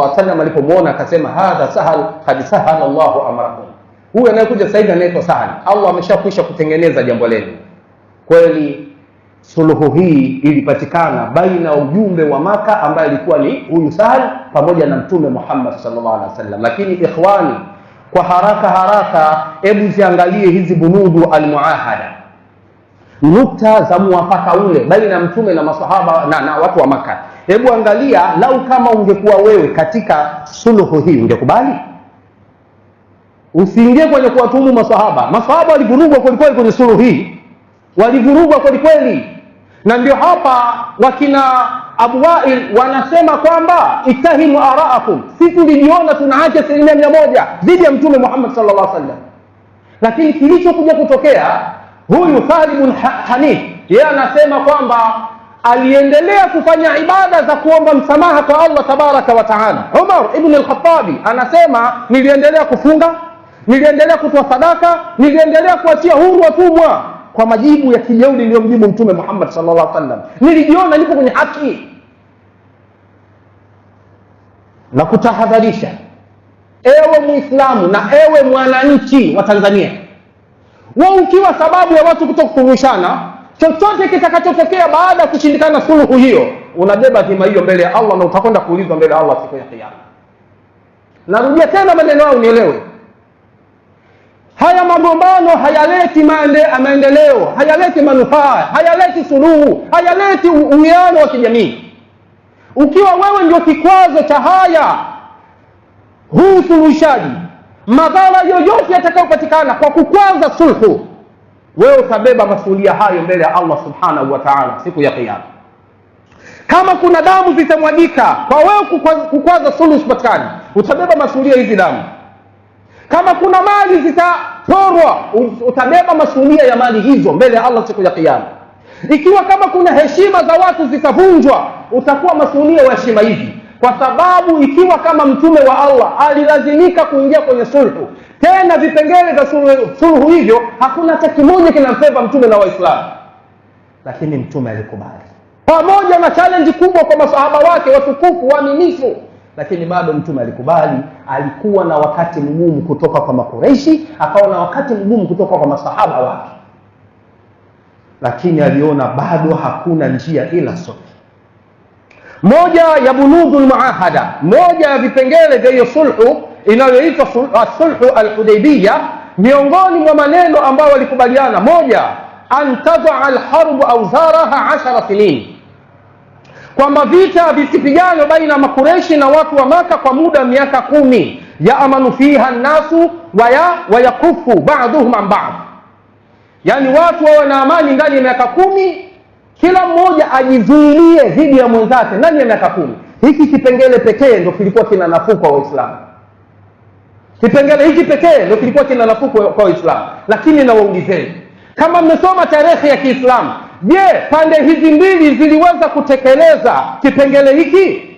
sallallahu alaihi wasallam alipomwona akasema, hadha sahal kad sahala Allahu amrakum, huyu anayekuja sasa hivi anaitwa Sahal, Allah ameshakwisha kutengeneza jambo lenu. Kweli suluhu hii ilipatikana baina ujumbe wa Maka ambaye alikuwa ni huyu Sahal pamoja na Mtume Muhammad sallallahu alaihi wasallam. Lakini ikhwani, kwa haraka haraka, hebu ziangalie hizi bunudu almuahada nukta za muwafaka ule baina mtume na masahaba na, na watu wa Maka. Hebu angalia, lau kama ungekuwa wewe katika suluhu hii ungekubali? Usiingie kwenye kuwatumu masahaba. Masahaba walivurugwa kwelikweli kwenye suluhu hii, walivurugwa kwelikweli, na ndio hapa wakina Abu Wail wanasema kwamba itahimu araakum, si tulijiona tuna haki asilimia mia moja dhidi ya mtume Muhammad sallallahu alaihi wasallam, lakini kilichokuja kutokea Huyu Salimu Hanif yeye anasema kwamba aliendelea kufanya ibada za kuomba msamaha kwa Allah tabaraka wa taala. Umar ibn al-Khattabi anasema niliendelea kufunga, niliendelea kutoa sadaka, niliendelea kuachia huru watumwa. Kwa majibu ya kijeuri iliyomjibu Mtume Muhammad sallallahu alaihi wasallam, nilijiona nipo kwenye haki na kutahadharisha, ewe Muislamu na ewe mwananchi wa Tanzania wewe ukiwa sababu ya watu kutokukumbushana, chochote kitakachotokea baada ya kushindikana suluhu hiyo, unabeba dhima hiyo mbele ya Allah na utakwenda kuulizwa mbele ya Allah siku ya Kiyama. Narudia tena maneno yao, nielewe. Haya magombano hayaleti maendeleo, hayaleti manufaa, hayaleti suluhu, hayaleti uwiano wa kijamii. Ukiwa wewe ndio kikwazo cha haya, huu suluhishaji madhara yoyote yatakayopatikana kwa kukwaza sulhu, wewe utabeba masulia hayo mbele ya Allah subhanahu wa ta'ala siku ya Kiyama. Kama kuna damu zitamwagika kwa wewe kukwaza, kukwaza sulhu usipatikane, utabeba masulia hizi damu. Kama kuna mali zitaporwa, utabeba masulia ya mali hizo mbele ya Allah siku ya Kiyama. Ikiwa kama kuna heshima za watu zitavunjwa, utakuwa masulia wa heshima hizi kwa sababu ikiwa kama mtume wa Allah alilazimika kuingia kwenye sulhu, tena vipengele vya sulhu hivyo hakuna hata kimoja kinamfeva mtume na Waislamu, lakini mtume alikubali pamoja na challenge kubwa kwa masahaba wake watukufu waaminifu, lakini bado mtume alikubali. Alikuwa na wakati mgumu kutoka kwa Makureishi, akawa na wakati mgumu kutoka kwa masahaba wake, lakini aliona bado hakuna njia ila sote moja ya bunudul lmuahada moja ya vipengele vya hiyo sulhu inayoitwa ah, sulhu alhudaibiya miongoni mwa maneno ambayo walikubaliana, moja an tadaa alharbu auzaraha ashara sinin, kwamba vita visipigane baina ya makureshi na watu wa Maka kwa muda miaka kumi, yaamanu fiha nnasu wayakufu waya baduhum an bad, yani watu wawe na amani ndani ya miaka kumi kila mmoja ajizuilie dhidi ya mwenzake ndani ya miaka kumi. Hiki kipengele pekee ndio kilikuwa kina nafuu kwa Waislamu, kipengele hiki pekee ndio kilikuwa kina nafuu kwa Waislamu. Lakini nawaulizeni kama mmesoma tarehe ya Kiislamu, je, pande hizi mbili ziliweza kutekeleza kipengele hiki?